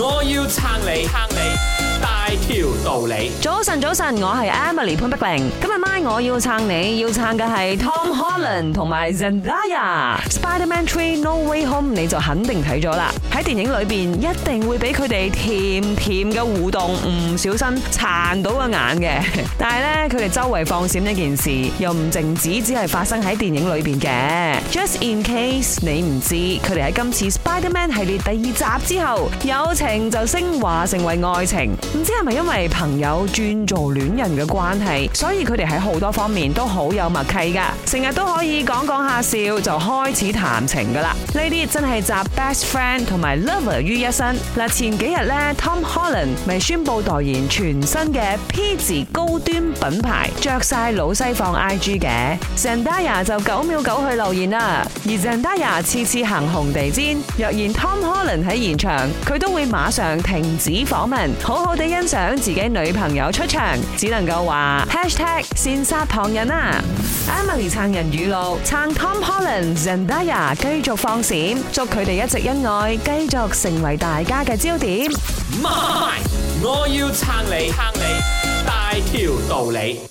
我要撐你撐你大條道理。早晨早晨，我係 Emily 潘碧平。今日晚我要撐你，要撐嘅係 Tom Holland 同埋 Zendaya。Spider-Man 3 No Way Home 你就肯定睇咗啦。喺電影裏面，一定會俾佢哋甜甜嘅互動，唔小心撐到個眼嘅。但係咧，佢哋周圍放閃一件事，又唔淨止只係發生喺電影裏面嘅。Just in case 你唔知，佢哋喺今次 Spider-Man 系列第二集之後有請就昇華成為愛情，唔知係咪因為朋友轉做戀人嘅關係，所以佢哋喺好多方面都好有默契噶，成日都可以講講下笑就開始談情噶啦。呢啲真係集 best friend 同埋 lover 於一身。嗱，前幾日呢 Tom Holland 咪宣布代言全新嘅 P 字高端品牌，着晒老西放 IG 嘅，Zendaya 就九秒九去留言啦。而 Zendaya 次次行紅地氈，若然 Tom Holland 喺現場，佢都會買馬上停止訪問，好好地欣賞自己女朋友出場，只能夠話 #hashtag 擅殺旁人啊！Emily 撐人語錄，撐 Tom Holland Zendaya 繼續放閃，祝佢哋一直恩愛，繼續成為大家嘅焦點。My. 我要撐你，撐你，大條道理。